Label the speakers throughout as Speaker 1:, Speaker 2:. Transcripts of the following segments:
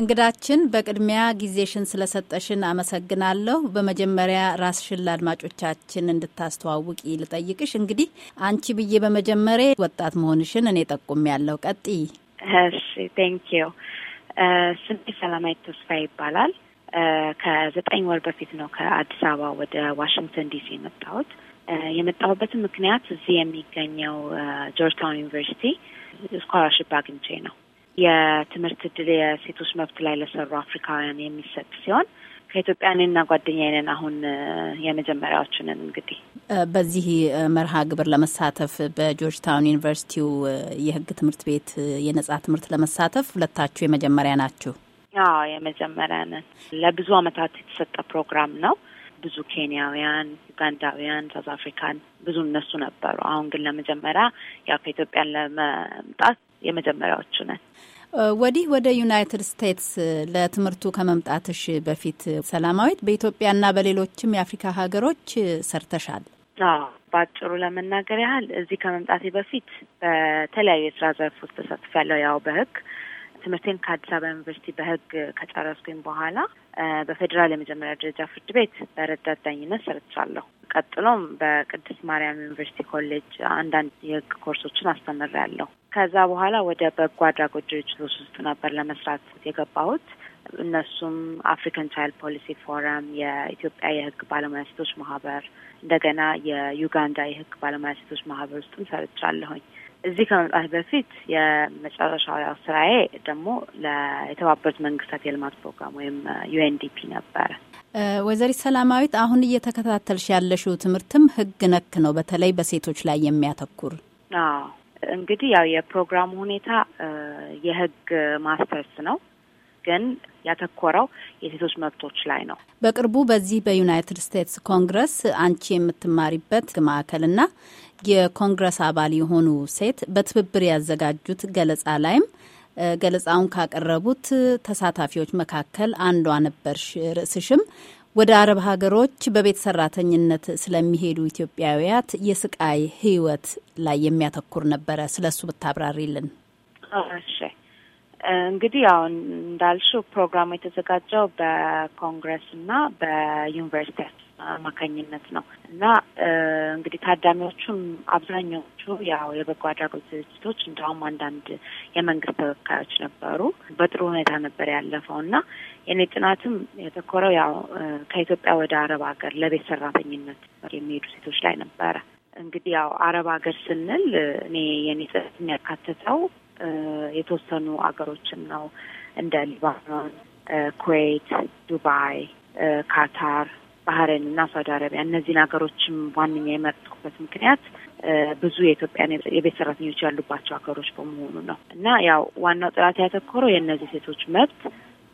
Speaker 1: እንግዳችን በቅድሚያ ጊዜሽን ስለሰጠሽን አመሰግናለሁ። በመጀመሪያ ራስሽን ለአድማጮቻችን እንድታስተዋውቂ ልጠይቅሽ። እንግዲህ አንቺ ብዬ በመጀመሪያ ወጣት መሆንሽን እኔ ጠቁም ያለው ቀጥይ። እሺ፣ ዩ።
Speaker 2: ስሜ ሰላማዊት ተስፋ ይባላል። ከዘጠኝ ወር በፊት ነው ከአዲስ አበባ ወደ ዋሽንግተን ዲሲ የመጣሁት። የመጣሁበትን ምክንያት እዚህ የሚገኘው ጆርጅታውን ዩኒቨርሲቲ ስኮላርሽፕ አግኝቼ ነው የትምህርት እድል የሴቶች መብት ላይ ለሰሩ አፍሪካውያን የሚሰጥ ሲሆን ከኢትዮጵያ ጓደኛዬ ነን። አሁን የመጀመሪያዎቹ እንግዲህ
Speaker 1: በዚህ መርሃ ግብር ለመሳተፍ በጆርጅ ታውን ዩኒቨርሲቲው የህግ ትምህርት ቤት የነጻ ትምህርት ለመሳተፍ ሁለታችሁ የመጀመሪያ ናችሁ?
Speaker 2: አዎ የመጀመሪያ ነን። ለብዙ ዓመታት የተሰጠ ፕሮግራም ነው። ብዙ ኬንያውያን፣ ዩጋንዳውያን፣ ሳውዝ አፍሪካን ብዙ እነሱ ነበሩ። አሁን ግን ለመጀመሪያ ያው ከኢትዮጵያን ለመምጣት የመጀመሪያዎቹ ነን።
Speaker 1: ወዲህ ወደ ዩናይትድ ስቴትስ ለትምህርቱ ከመምጣትሽ በፊት ሰላማዊት በኢትዮጵያና በሌሎችም የአፍሪካ ሀገሮች ሰርተሻል።
Speaker 2: በአጭሩ ለመናገር ያህል እዚህ ከመምጣቴ በፊት በተለያዩ የስራ ዘርፍ ውስጥ ያለው ያው በህግ ትምህርቴን ከአዲስ አበባ ዩኒቨርሲቲ በህግ ከጨረስኩኝ በኋላ በፌዴራል የመጀመሪያ ደረጃ ፍርድ ቤት በረዳት ዳኝነት ሰርቻለሁ። ቀጥሎም በቅድስት ማርያም ዩኒቨርሲቲ ኮሌጅ አንዳንድ የህግ ኮርሶችን አስተምሬያለሁ። ከዛ በኋላ ወደ በጎ አድራጎት ድርጅቶች ውስጥ ነበር ለመስራት የገባሁት። እነሱም አፍሪካን ቻይልድ ፖሊሲ ፎረም፣ የኢትዮጵያ የህግ ባለሙያ ሴቶች ማህበር፣ እንደገና የዩጋንዳ የህግ ባለሙያ ሴቶች ማህበር ውስጥም ሰርቻለሁኝ። እዚህ ከመምጣት በፊት የመጨረሻው ስራዬ ደግሞ የተባበሩት መንግስታት የልማት ፕሮግራም ወይም ዩኤንዲፒ ነበረ።
Speaker 1: ወይዘሪት ሰላማዊት አሁን እየተከታተልሽ ያለሽው ትምህርትም ህግ ነክ ነው፣ በተለይ በሴቶች ላይ የሚያተኩር
Speaker 2: አዎ እንግዲህ ያው የፕሮግራሙ ሁኔታ የህግ ማስተርስ ነው ግን ያተኮረው የሴቶች መብቶች ላይ ነው።
Speaker 1: በቅርቡ በዚህ በዩናይትድ ስቴትስ ኮንግረስ አንቺ የምትማሪበት ማዕከልና የኮንግረስ አባል የሆኑ ሴት በትብብር ያዘጋጁት ገለጻ ላይም ገለጻውን ካቀረቡት ተሳታፊዎች መካከል አንዷ ነበርሽ። ርዕስሽም ወደ አረብ ሀገሮች በቤት ሰራተኝነት ስለሚሄዱ ኢትዮጵያውያት የስቃይ ህይወት ላይ የሚያተኩር ነበረ። ስለ እሱ ብታብራሪልን።
Speaker 2: እሺ እንግዲህ ያው እንዳልሹ ፕሮግራሙ የተዘጋጀው በኮንግረስ እና በዩኒቨርሲቲ አማካኝነት ነው እና እንግዲህ ታዳሚዎቹም አብዛኛዎቹ ያው የበጎ አድራጎት ድርጅቶች እንዲሁም አንዳንድ የመንግስት ተወካዮች ነበሩ። በጥሩ ሁኔታ ነበር ያለፈው እና የኔ ጥናትም የተኮረው ያው ከኢትዮጵያ ወደ አረብ ሀገር ለቤት ሰራተኝነት የሚሄዱ ሴቶች ላይ ነበረ። እንግዲህ ያው አረብ ሀገር ስንል እኔ የኔ ጥናት የሚያካትተው የተወሰኑ አገሮችን ነው እንደ ሊባኖን፣ ኩዌት፣ ዱባይ፣ ካታር፣ ባህሬን እና ሳውዲ አረቢያ እነዚህን ሀገሮችም ዋነኛ የመረጥኩበት ምክንያት ብዙ የኢትዮጵያን የቤት ሰራተኞች ያሉባቸው ሀገሮች በመሆኑ ነው እና ያው ዋናው ጥናት ያተኮረው የእነዚህ ሴቶች መብት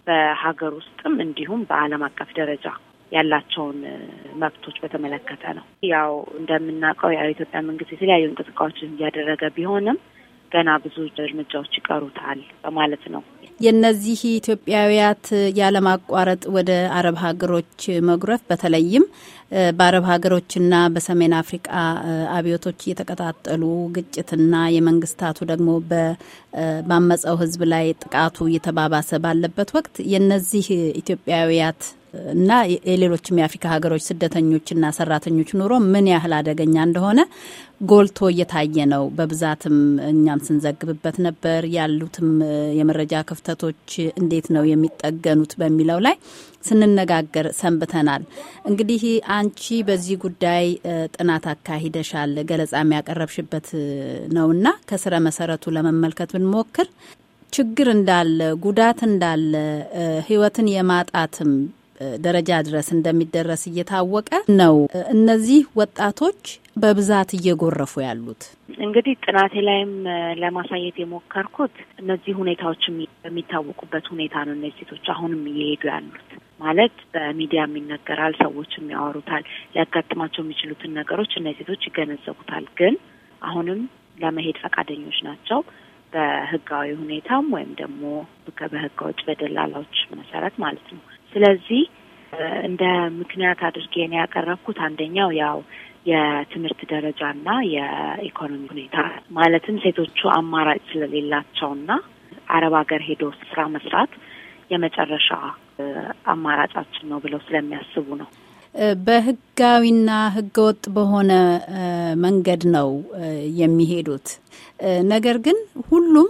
Speaker 2: በሀገር ውስጥም እንዲሁም በዓለም አቀፍ ደረጃ ያላቸውን መብቶች በተመለከተ ነው። ያው እንደምናውቀው ያው የኢትዮጵያ መንግስት የተለያዩ እንቅስቃዎች እያደረገ ቢሆንም ገና ብዙ እርምጃዎች ይቀሩታል በማለት ነው።
Speaker 1: የእነዚህ ኢትዮጵያውያት ያለማቋረጥ ወደ አረብ ሀገሮች መጉረፍ በተለይም በአረብ ሀገሮችና በሰሜን አፍሪቃ አብዮቶች እየተቀጣጠሉ ግጭትና የመንግስታቱ ደግሞ በማመፀው ህዝብ ላይ ጥቃቱ እየተባባሰ ባለበት ወቅት የእነዚህ ኢትዮጵያውያት እና የሌሎችም የአፍሪካ ሀገሮች ስደተኞችና ሰራተኞች ኑሮ ምን ያህል አደገኛ እንደሆነ ጎልቶ እየታየ ነው። በብዛትም እኛም ስንዘግብበት ነበር። ያሉትም የመረጃ ክፍተቶች እንዴት ነው የሚጠገኑት በሚለው ላይ ስንነጋገር ሰንብተናል። እንግዲህ አንቺ በዚህ ጉዳይ ጥናት አካሂደሻል፣ ገለጻ የሚያቀረብሽበት እና ከስረ መሰረቱ ለመመልከት ብንሞክር ችግር እንዳለ ጉዳት እንዳለ ህይወትን የማጣትም ደረጃ ድረስ እንደሚደረስ እየታወቀ ነው። እነዚህ ወጣቶች በብዛት እየጎረፉ ያሉት እንግዲህ ጥናቴ
Speaker 2: ላይም ለማሳየት የሞከርኩት እነዚህ ሁኔታዎች በሚታወቁበት ሁኔታ ነው። እነዚህ ሴቶች አሁንም እየሄዱ ያሉት ማለት በሚዲያም ይነገራል፣ ሰዎችም ያወሩታል፣ ሊያጋጥማቸው የሚችሉትን ነገሮች እነዚህ ሴቶች ይገነዘቡታል። ግን አሁንም ለመሄድ ፈቃደኞች ናቸው። በህጋዊ ሁኔታም ወይም ደግሞ በህገ ወጭ በደላላዎች መሰረት ማለት ነው። ስለዚህ እንደ ምክንያት አድርጌን ያቀረብኩት አንደኛው ያው የትምህርት ደረጃና የኢኮኖሚ ሁኔታ ማለትም ሴቶቹ አማራጭ ስለሌላቸው እና አረብ ሀገር ሄዶ ስራ መስራት የመጨረሻ አማራጫችን ነው ብለው ስለሚያስቡ ነው።
Speaker 1: በህጋዊና ህገወጥ በሆነ መንገድ ነው የሚሄዱት። ነገር ግን ሁሉም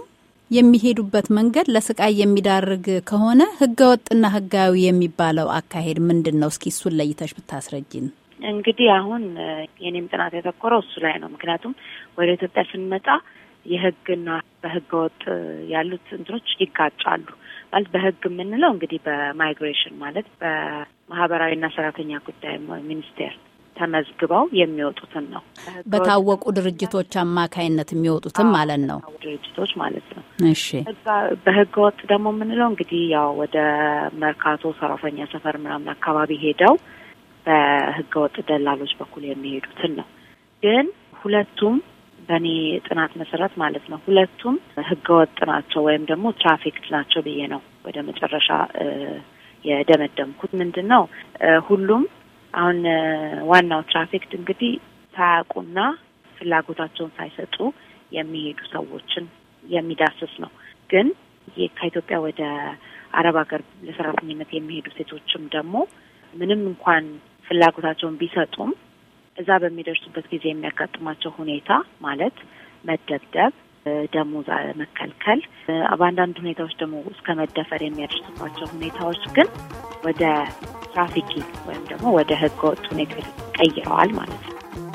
Speaker 1: የሚሄዱበት መንገድ ለስቃይ የሚዳርግ ከሆነ ህገወጥና ህጋዊ የሚባለው አካሄድ ምንድን ነው? እስኪ እሱን ለይተሽ ብታስረጅን።
Speaker 2: እንግዲህ አሁን የኔም ጥናት ያተኮረው እሱ ላይ ነው። ምክንያቱም ወደ ኢትዮጵያ ስንመጣ የህግና በህገወጥ ያሉት እንትኖች ይጋጫሉ። ማለት በህግ የምንለው እንግዲህ በማይግሬሽን ማለት በማህበራዊና ሰራተኛ ጉዳይ ሚኒስቴር ተመዝግበው የሚወጡትን ነው።
Speaker 1: በታወቁ ድርጅቶች አማካይነት የሚወጡትን ማለት ነው። ድርጅቶች ማለት ነው። እሺ። በህገ ወጥ ደግሞ የምንለው እንግዲህ ያው
Speaker 2: ወደ መርካቶ፣ ሰራተኛ ሰፈር ምናምን አካባቢ ሄደው በህገ ወጥ ደላሎች በኩል የሚሄዱትን ነው። ግን ሁለቱም በእኔ ጥናት መሰረት ማለት ነው ሁለቱም ህገ ወጥ ናቸው ወይም ደግሞ ትራፊክት ናቸው ብዬ ነው ወደ መጨረሻ የደመደምኩት ምንድን ነው ሁሉም አሁን ዋናው ትራፊክ እንግዲህ ሳያውቁና ፍላጎታቸውን ሳይሰጡ የሚሄዱ ሰዎችን የሚዳስስ ነው። ግን ከኢትዮጵያ ወደ አረብ ሀገር ለሰራተኝነት የሚሄዱ ሴቶችም ደግሞ ምንም እንኳን ፍላጎታቸውን ቢሰጡም እዛ በሚደርሱበት ጊዜ የሚያጋጥማቸው ሁኔታ ማለት መደብደብ፣ ደሞዝ መከልከል፣ በአንዳንድ ሁኔታዎች ደግሞ እስከ መደፈር የሚያደርስባቸው ሁኔታዎች ግን ወደ ትራፊኪንግ ወይም ደግሞ ወደ ህገ ወጡ ነገር ቀይረዋል ማለት ነው።